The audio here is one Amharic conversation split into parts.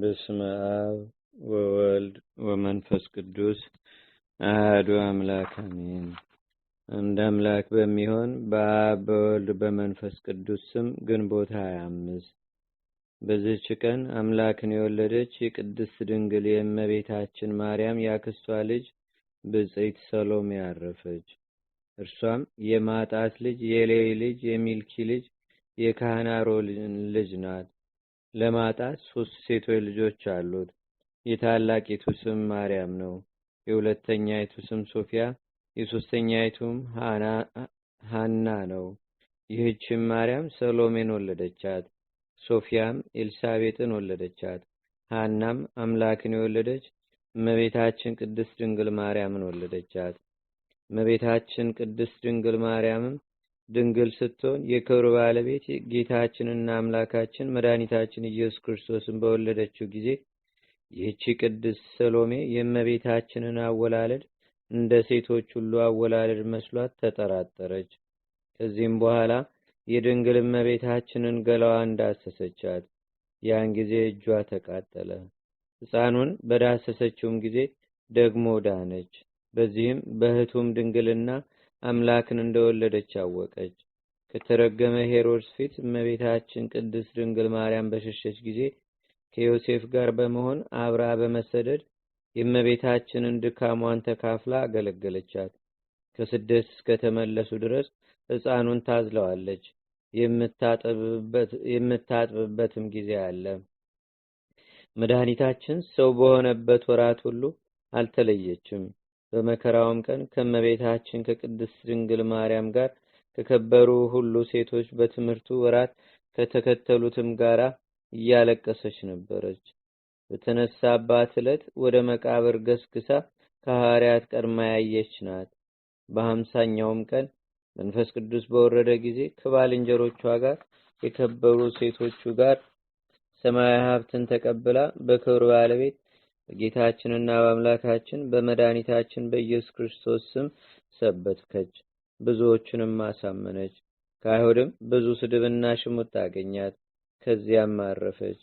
በስመ አብ ወወልድ ወመንፈስ ቅዱስ አህዱ አምላክ አሜን። አንድ አምላክ በሚሆን በአብ በወልድ በመንፈስ ቅዱስ ስም ግንቦት ሀያ አምስት በዚህች ቀን አምላክን የወለደች የቅድስት ድንግል የእመቤታችን ማርያም ያክሷ ልጅ ብጽይት ሰሎሜ ያረፈች። እርሷም የማጣት ልጅ የሌዊ ልጅ የሚልኪ ልጅ የካህናሮ ልጅ ናት። ለማጣት ሶስት ሴቶች ልጆች አሉት። የታላቂቱ ስም ማርያም ነው። የሁለተኛይቱ ስም ሶፊያ፣ የሶስተኛይቱም ሃና ነው። ይህችም ማርያም ሰሎሜን ወለደቻት። ሶፊያም ኤልሳቤጥን ወለደቻት። ሃናም አምላክን የወለደች እመቤታችን ቅድስት ድንግል ማርያምን ወለደቻት። እመቤታችን ቅድስት ድንግል ማርያምም ድንግል ስትሆን የክብር ባለቤት ጌታችንና አምላካችን መድኃኒታችን ኢየሱስ ክርስቶስን በወለደችው ጊዜ ይህቺ ቅድስት ሰሎሜ የእመቤታችንን አወላለድ እንደ ሴቶች ሁሉ አወላለድ መስሏት ተጠራጠረች። ከዚህም በኋላ የድንግል እመቤታችንን ገላዋ እንዳሰሰቻት፣ ያን ጊዜ እጇ ተቃጠለ። ሕፃኑን በዳሰሰችውም ጊዜ ደግሞ ዳነች። በዚህም በእህቱም ድንግልና አምላክን እንደወለደች አወቀች። ከተረገመ ሄሮድስ ፊት እመቤታችን ቅድስት ድንግል ማርያም በሸሸች ጊዜ ከዮሴፍ ጋር በመሆን አብራ በመሰደድ የእመቤታችንን ድካሟን ተካፍላ አገለገለቻት። ከስደት እስከተመለሱ ድረስ ሕፃኑን ታዝለዋለች። የምታጥብበትም ጊዜ አለ። መድኃኒታችን ሰው በሆነበት ወራት ሁሉ አልተለየችም። በመከራውም ቀን ከመቤታችን ከቅድስት ድንግል ማርያም ጋር ከከበሩ ሁሉ ሴቶች በትምህርቱ ወራት ከተከተሉትም ጋር እያለቀሰች ነበረች። በተነሳባት ዕለት ወደ መቃብር ገስግሳ ከሐዋርያት ቀድማ ያየች ናት። በአምሳኛውም ቀን መንፈስ ቅዱስ በወረደ ጊዜ ከባልንጀሮቿ ጋር የከበሩ ሴቶቹ ጋር ሰማያዊ ሀብትን ተቀብላ በክብር ባለቤት በጌታችንና በአምላካችን በመድኃኒታችን በኢየሱስ ክርስቶስ ስም ሰበትከች ብዙዎችንም አሳመነች። ከአይሁድም ብዙ ስድብና ሽሙጥ አገኛት፣ ከዚያም አረፈች።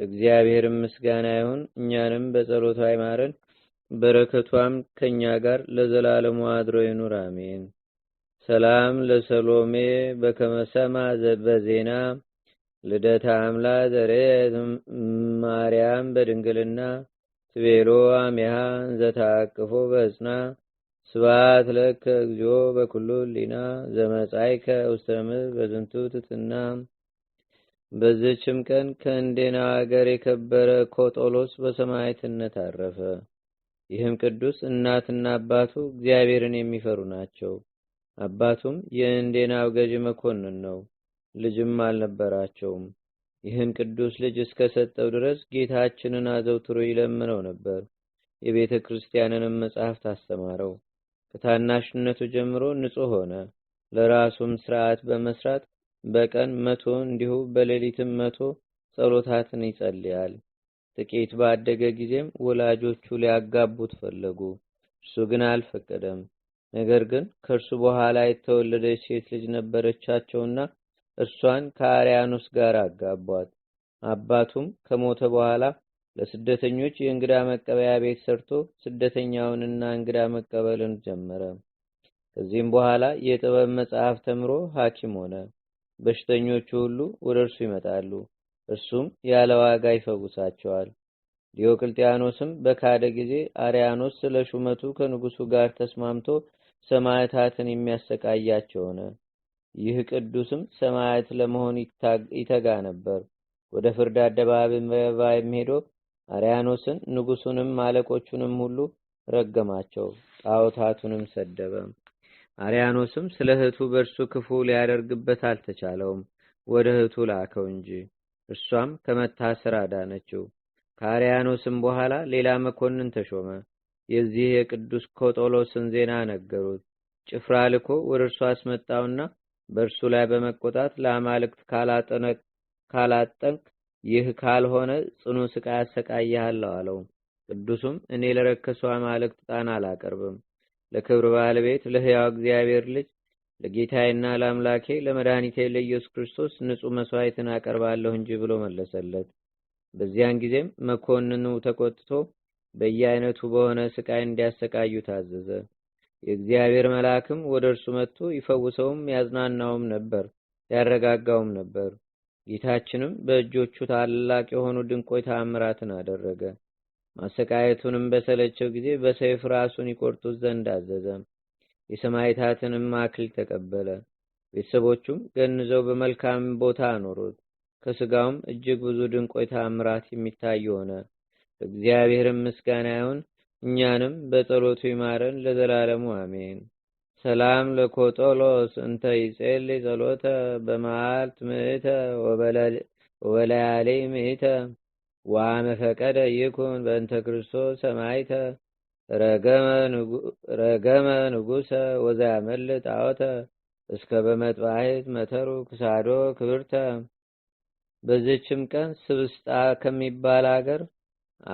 ለእግዚአብሔር ምስጋና ይሁን፣ እኛንም በጸሎቷ አይማረን፣ በረከቷም ከእኛ ጋር ለዘላለሙ አድሮ ይኑር፣ አሜን። ሰላም ለሰሎሜ በከመሰማ በዜና ልደታ አምላ ዘሬ ማርያም በድንግልና ትቤሎ አሚሃ ዘታቅፎ በጽና ስባት ለከ እግዚኦ በኩሉ ሊና ዘመጻይከ ውስተምር በዝንቱ ትትና በዝችም ቀን ከእንዴና አገር የከበረ ኮጦሎስ በሰማይትነት አረፈ። ይህም ቅዱስ እናትና አባቱ እግዚአብሔርን የሚፈሩ ናቸው። አባቱም የእንዴናው ገዥ መኮንን ነው። ልጅም አልነበራቸውም። ይህን ቅዱስ ልጅ እስከሰጠው ድረስ ጌታችንን አዘውትሮ ይለምነው ነበር። የቤተ ክርስቲያንንም መጽሐፍት አስተማረው። ከታናሽነቱ ጀምሮ ንጹሕ ሆነ። ለራሱም ስርዓት በመስራት በቀን መቶ እንዲሁ በሌሊትም መቶ ጸሎታትን ይጸልያል። ጥቂት ባደገ ጊዜም ወላጆቹ ሊያጋቡት ፈለጉ። እርሱ ግን አልፈቀደም። ነገር ግን ከእርሱ በኋላ የተወለደች ሴት ልጅ ነበረቻቸውና እርሷን ከአርያኖስ ጋር አጋቧት። አባቱም ከሞተ በኋላ ለስደተኞች የእንግዳ መቀበያ ቤት ሰርቶ ስደተኛውንና እንግዳ መቀበልን ጀመረ። ከዚህም በኋላ የጥበብ መጽሐፍ ተምሮ ሐኪም ሆነ። በሽተኞቹ ሁሉ ወደ እርሱ ይመጣሉ፣ እርሱም ያለ ዋጋ ይፈውሳቸዋል። ዲዮቅልጥያኖስም በካደ ጊዜ አርያኖስ ስለ ሹመቱ ከንጉሱ ጋር ተስማምቶ ሰማዕታትን የሚያሰቃያቸው ሆነ። ይህ ቅዱስም ሰማያት ለመሆን ይተጋ ነበር። ወደ ፍርድ አደባባይ የሚሄዶ አርያኖስን ንጉሱንም አለቆቹንም ሁሉ ረገማቸው፣ ጣዖታቱንም ሰደበ። አርያኖስም ስለ እህቱ በእርሱ ክፉ ሊያደርግበት አልተቻለውም፣ ወደ እህቱ ላከው እንጂ። እርሷም ከመታሰር አዳነችው። ከአርያኖስም በኋላ ሌላ መኮንን ተሾመ። የዚህ የቅዱስ ኮጦሎስን ዜና ነገሩት። ጭፍራ ልኮ ወደ እርሱ አስመጣውና በእርሱ ላይ በመቆጣት ለአማልክት ካላጠንክ ይህ ካልሆነ ጽኑ ስቃይ አሰቃይሃለሁ አለው። ቅዱሱም እኔ ለረከሱ አማልክት ጣን አላቀርብም፣ ለክብር ባለቤት ለሕያው እግዚአብሔር ልጅ ለጌታዬና ለአምላኬ ለመድኃኒቴ ለኢየሱስ ክርስቶስ ንጹሕ መሥዋዕትን አቀርባለሁ እንጂ ብሎ መለሰለት። በዚያን ጊዜም መኮንኑ ተቆጥቶ በየአይነቱ በሆነ ስቃይ እንዲያሰቃዩ ታዘዘ። የእግዚአብሔር መልአክም ወደ እርሱ መጥቶ ይፈውሰውም ያዝናናውም ነበር፣ ያረጋጋውም ነበር። ጌታችንም በእጆቹ ታላቅ የሆኑ ድንቆይ ተአምራትን አደረገ። ማሰቃየቱንም በሰለቸው ጊዜ በሰይፍ ራሱን ይቆርጡት ዘንድ አዘዘ። የሰማይታትንም አክሊል ተቀበለ። ቤተሰቦቹም ገንዘው በመልካም ቦታ አኖሩት። ከስጋውም እጅግ ብዙ ድንቆይ ተአምራት የሚታይ ሆነ። እግዚአብሔርም ምስጋና ይሁን። እኛንም በጸሎቱ ይማረን ለዘላለሙ አሜን። ሰላም ለኮጦሎስ እንተ ይጼል ጸሎተ በመዓልት ምእተ ወበላያሌ ምእተ ዋመፈቀደ ይኩን በእንተ ክርስቶስ ሰማይተ ረገመ ንጉሰ ወዘያመልጥ ጣወተ እስከ በመጥባሄት መተሩ ክሳዶ ክብርተ። በዚችም ቀን ስብስጣ ከሚባል አገር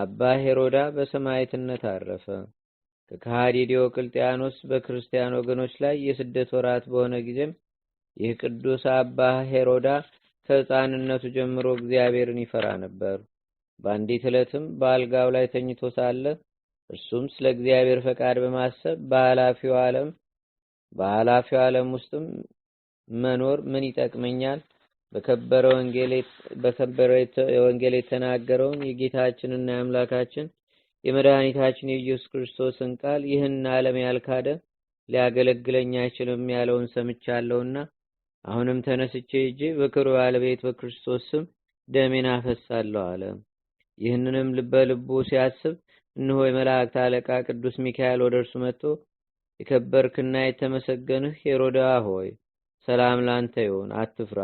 አባ ሄሮዳ በሰማዕትነት አረፈ። ከካሃዲ ዲዮቅልጥያኖስ በክርስቲያን ወገኖች ላይ የስደት ወራት በሆነ ጊዜም ይህ ቅዱስ አባ ሄሮዳ ከሕፃንነቱ ጀምሮ እግዚአብሔርን ይፈራ ነበር። በአንዲት ዕለትም በአልጋው ላይ ተኝቶ ሳለ እርሱም ስለ እግዚአብሔር ፈቃድ በማሰብ በኃላፊው ዓለም በኃላፊው ዓለም ውስጥም መኖር ምን ይጠቅመኛል በከበረ ወንጌል በከበረ የተናገረውን የጌታችንና የአምላካችን የመድኃኒታችን የኢየሱስ ክርስቶስን ቃል ይህን ዓለም ያልካደ ሊያገለግለኝ አይችልም ያለውን ሰምቻለሁና አሁንም ተነስቼ እጄ በክብር ባለቤት በክርስቶስ ስም ደሜን አፈሳለሁ አለ። ይህንንም በልቡ ሲያስብ እነሆ የመላእክት አለቃ ቅዱስ ሚካኤል ወደ እርሱ መጥቶ የከበርክና የተመሰገንህ ሄሮዳ ሆይ ሰላም ላንተ ይሁን፣ አትፍራ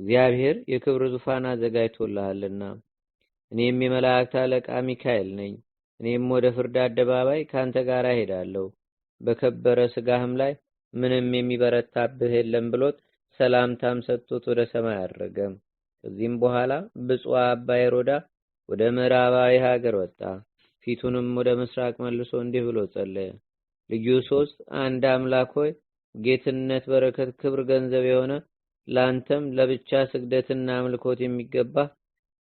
እግዚአብሔር የክብር ዙፋን አዘጋጅቶልሃልና። እኔም የመላእክት አለቃ ሚካኤል ነኝ። እኔም ወደ ፍርድ አደባባይ ከአንተ ጋር እሄዳለሁ። በከበረ ስጋህም ላይ ምንም የሚበረታብህ የለም ብሎት ሰላምታም ሰጥቶት ወደ ሰማይ አድረገ። ከዚህም በኋላ ብፁዕ አባ ሮዳ ወደ ምዕራባዊ ሀገር ወጣ። ፊቱንም ወደ ምስራቅ መልሶ እንዲህ ብሎ ጸለየ። ልዩ ሶስት አንድ አምላክ ሆይ ጌትነት፣ በረከት፣ ክብር ገንዘብ የሆነ ለአንተም ለብቻ ስግደትና አምልኮት የሚገባ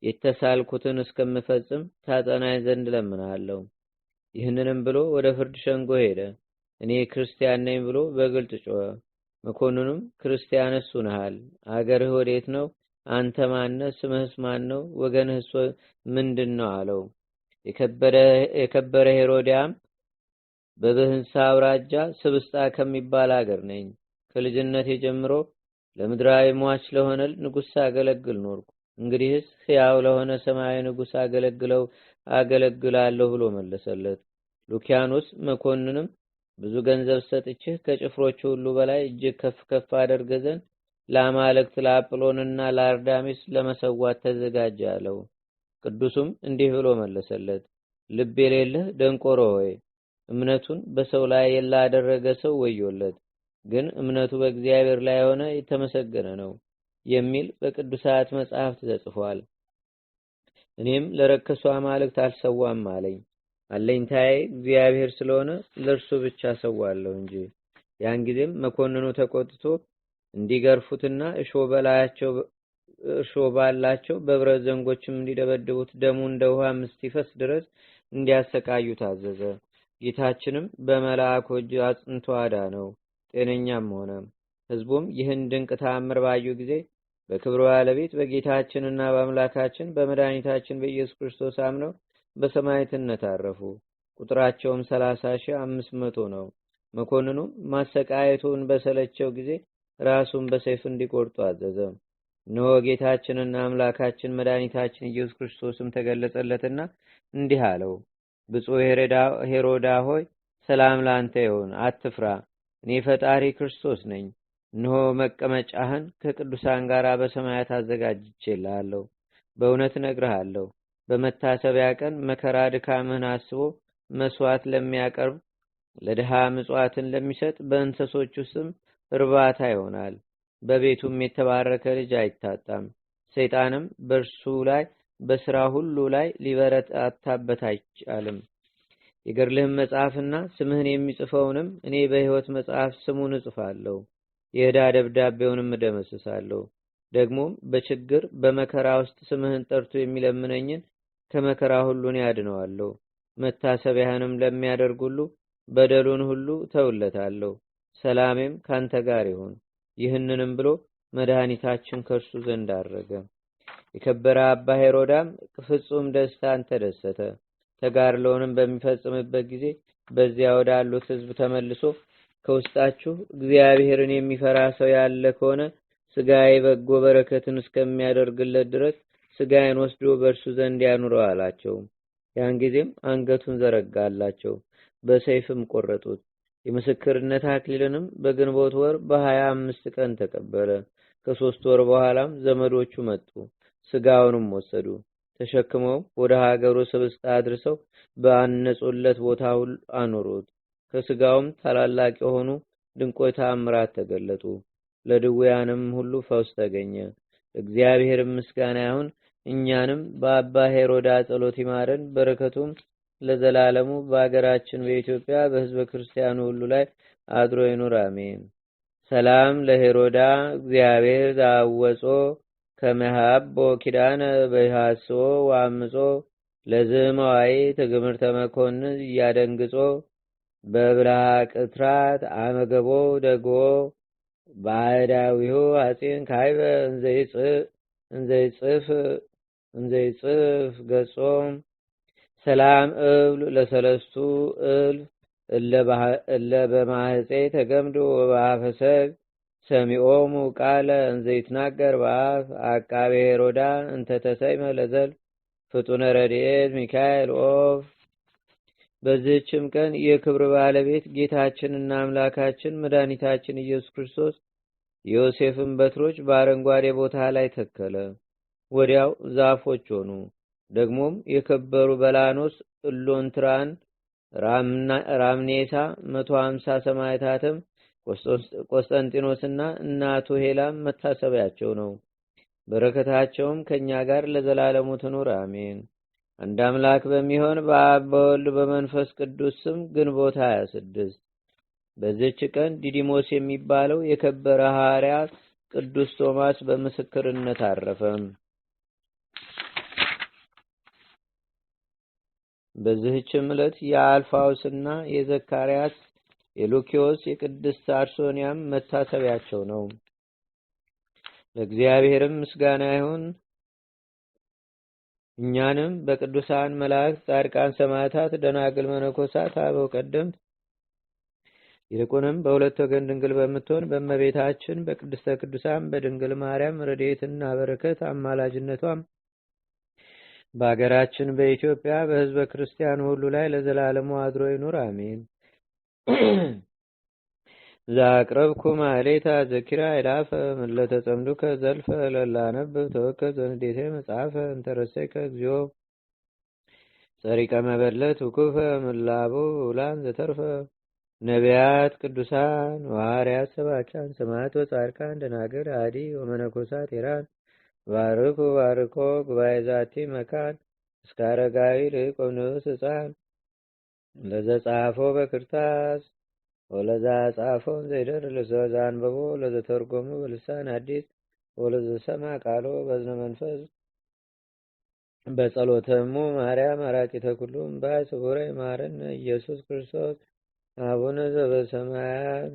የተሳልኩትን እስከምፈጽም ታጠናኝ ዘንድ ለምናለሁ። ይህንንም ብሎ ወደ ፍርድ ሸንጎ ሄደ። እኔ ክርስቲያን ነኝ ብሎ በግልጥ ጮኸ። መኮንኑም እሱ ነሃል? አገርህ ወዴት ነው? አንተ ማነ? ስምህስ ማን ነው? ወገንህስ ምንድን ነው? አለው። የከበረ ሄሮዲያም በብህንሳ አውራጃ ስብስጣ ከሚባል አገር ነኝ። ከልጅነት ጀምሮ ለምድራዊ ሟች ለሆነ ንጉሥ አገለግል ኖርኩ። እንግዲህስ ሕያው ለሆነ ሰማያዊ ንጉሥ አገለግለው አገለግላለሁ ብሎ መለሰለት። ሉኪያኖስ መኮንንም ብዙ ገንዘብ ሰጥችህ ከጭፍሮቹ ሁሉ በላይ እጅግ ከፍ ከፍ አደርገ ዘንድ ለአማልክት ለአጵሎንና ለአርዳሚስ ለመሰዋት ተዘጋጀ አለው። ቅዱሱም እንዲህ ብሎ መለሰለት፣ ልብ የሌለህ ደንቆሮ ሆይ እምነቱን በሰው ላይ ላደረገ ሰው ወዮለት። ግን እምነቱ በእግዚአብሔር ላይ የሆነ የተመሰገነ ነው የሚል በቅዱሳት መጽሐፍት ተጽፏል። እኔም ለረከሱ አማልክት አልሰዋም አለኝ። አለኝታዬ እግዚአብሔር ስለሆነ ለእርሱ ብቻ ሰዋለሁ እንጂ። ያን ጊዜም መኮንኑ ተቆጥቶ እንዲገርፉትና እርሾ ባላቸው በብረት ዘንጎችም እንዲደበድቡት ደሙ እንደ ውሃም እስኪፈስ ድረስ እንዲያሰቃዩ ታዘዘ። ጌታችንም በመልአኩ እጅ አጽንቶ አዳነው። ጤነኛም ሆነ። ህዝቡም ይህን ድንቅ ተአምር ባዩ ጊዜ በክብር ባለቤት በጌታችንና በአምላካችን በመድኃኒታችን በኢየሱስ ክርስቶስ አምነው በሰማዕትነት አረፉ። ቁጥራቸውም ሰላሳ ሺህ አምስት መቶ ነው። መኮንኑም ማሰቃየቱን በሰለቸው ጊዜ ራሱን በሰይፍ እንዲቆርጡ አዘዘ። እነሆ ጌታችንና አምላካችን መድኃኒታችን ኢየሱስ ክርስቶስም ተገለጸለትና እንዲህ አለው፣ ብፁዕ ሄሮዳ ሆይ ሰላም ላንተ ይሁን፣ አትፍራ እኔ ፈጣሪ ክርስቶስ ነኝ። እነሆ መቀመጫህን ከቅዱሳን ጋር በሰማያት አዘጋጅቼልሃለሁ። በእውነት እነግርሃለሁ፣ በመታሰቢያ ቀን መከራ ድካምህን አስቦ መስዋዕት ለሚያቀርብ ለድሃ ምጽዋትን ለሚሰጥ በእንሰሶቹ ስም እርባታ ይሆናል። በቤቱም የተባረከ ልጅ አይታጣም። ሰይጣንም በእርሱ ላይ በስራ ሁሉ ላይ ሊበረታታበት አይቻልም። የገድልህም መጽሐፍና ስምህን የሚጽፈውንም እኔ በሕይወት መጽሐፍ ስሙን እጽፋለሁ፣ የዕዳ ደብዳቤውንም እደመስሳለሁ። ደግሞም በችግር በመከራ ውስጥ ስምህን ጠርቶ የሚለምነኝን ከመከራ ሁሉ እኔ አድነዋለሁ። መታሰቢያህንም ለሚያደርግ ሁሉ በደሉን ሁሉ ተውለታለሁ። ሰላሜም ካንተ ጋር ይሁን። ይህንንም ብሎ መድኃኒታችን ከእርሱ ዘንድ አረገ። የከበረ አባ ሄሮዳም ፍጹም ደስታን ተደሰተ። ተጋድሎውንም በሚፈጽምበት ጊዜ በዚያ ወዳሉት ሕዝብ ተመልሶ ከውስጣችሁ እግዚአብሔርን የሚፈራ ሰው ያለ ከሆነ ስጋዬ በጎ በረከትን እስከሚያደርግለት ድረስ ስጋዬን ወስዶ በእርሱ ዘንድ ያኑረው አላቸው። ያን ጊዜም አንገቱን ዘረጋላቸው፣ በሰይፍም ቆረጡት። የምስክርነት አክሊልንም በግንቦት ወር በሀያ አምስት ቀን ተቀበለ። ከሶስት ወር በኋላም ዘመዶቹ መጡ፣ ስጋውንም ወሰዱ። ተሸክመው ወደ ሀገሩ ስብስታ አድርሰው በአነጹለት ቦታ ሁሉ አኖሩት። ከስጋውም ታላላቅ የሆኑ ድንቆይ ተአምራት ተገለጡ። ለድውያንም ሁሉ ፈውስ ተገኘ። እግዚአብሔር ምስጋና ይሁን። እኛንም በአባ ሄሮዳ ጸሎት ይማረን፣ በረከቱም ለዘላለሙ በአገራችን በኢትዮጵያ በሕዝበ ክርስቲያኑ ሁሉ ላይ አድሮ ይኑር። አሜን። ሰላም ለሄሮዳ እግዚአብሔር ዛወጾ ከመሃቦ ኪዳነ በሃሶ ዋምጾ ለዝመዋይ ትግምርተ መኮንን እያደንግጾ በብልሃ ቅትራት አመገቦ ደጎ ባዕዳዊሁ አፄን ካይበ እንዘይጽፍ ገጾም ሰላም እብል ለሰለስቱ እልፍ እለ በማህፀ ተገምዶ በአፈሰግ ሰሚኦሙ ቃለ እንዘይትናገር በአፍ አቃቤ ሄሮዳ እንተተሰይመ ለዘል ፍጡነ ረድኤት ሚካኤል ኦፍ በዚህችም ቀን የክብር ባለቤት ጌታችንና አምላካችን መድኃኒታችን ኢየሱስ ክርስቶስ የዮሴፍን በትሮች በአረንጓዴ ቦታ ላይ ተከለ። ወዲያው ዛፎች ሆኑ። ደግሞም የከበሩ በላኖስ፣ እሎንትራን፣ ራምኔሳ መቶ ሀምሳ ሰማዕታትም ቆስጠንጢኖስና እናቱ ሄላም መታሰቢያቸው ነው። በረከታቸውም ከእኛ ጋር ለዘላለሙ ትኑር አሜን። አንድ አምላክ በሚሆን በአብ በወልድ በመንፈስ ቅዱስ ስም ግንቦት 26 በዚች ቀን ዲዲሞስ የሚባለው የከበረ ሐዋርያ ቅዱስ ቶማስ በምስክርነት አረፈም። በዚህች ዕለት የአልፋውስና የዘካርያስ የሉኪዮስ የቅድስት አርሶንያም መታሰቢያቸው ነው። ለእግዚአብሔርም ምስጋና ይሁን። እኛንም በቅዱሳን መላእክት፣ ጻድቃን፣ ሰማዕታት፣ ደናግል፣ መነኮሳት፣ አበው ቀደምት ይልቁንም በሁለት ወገን ድንግል በምትሆን በእመቤታችን በቅድስተ ቅዱሳን በድንግል ማርያም ረድኤትና በረከት አማላጅነቷም በአገራችን በኢትዮጵያ በሕዝበ ክርስቲያን ሁሉ ላይ ለዘላለሙ አድሮ ይኑር፣ አሜን። ዛቅረብኩ ማህሌታ ዘኪራ ይላፈ ምለተ ጸምዱከ ዘልፈ ለላነብብ ተወከ ዘንዴቴ መጽሐፈ እንተረሴከ እግዚኦ ጸሪቀ መበለት ውኩፈ ምላቡ ውላን ዘተርፈ ነቢያት ቅዱሳን ዋርያት ሰባኪያን ሰማዕት ወጻድቃን ደናግል አዲ ወመነኮሳት ኢራን ባርኩ ባርኮ ጉባኤ ዛቲ መካን እስከ አረጋዊ ልቆ ንዑስ ህፃን ጻፎ በክርታስ ወለዛ ጻፎም ዘይደር ልሶ ዘአንበቦ ለዘተርጎሙ በልሳን ሐዲስ ሰማ ቃሎ በዝነ መንፈስ በጸሎተሙ ማርያም አራቂ ተኩሉም ባይ ስቡረ ማረነ ኢየሱስ ክርስቶስ አቡነ ዘበሰማያት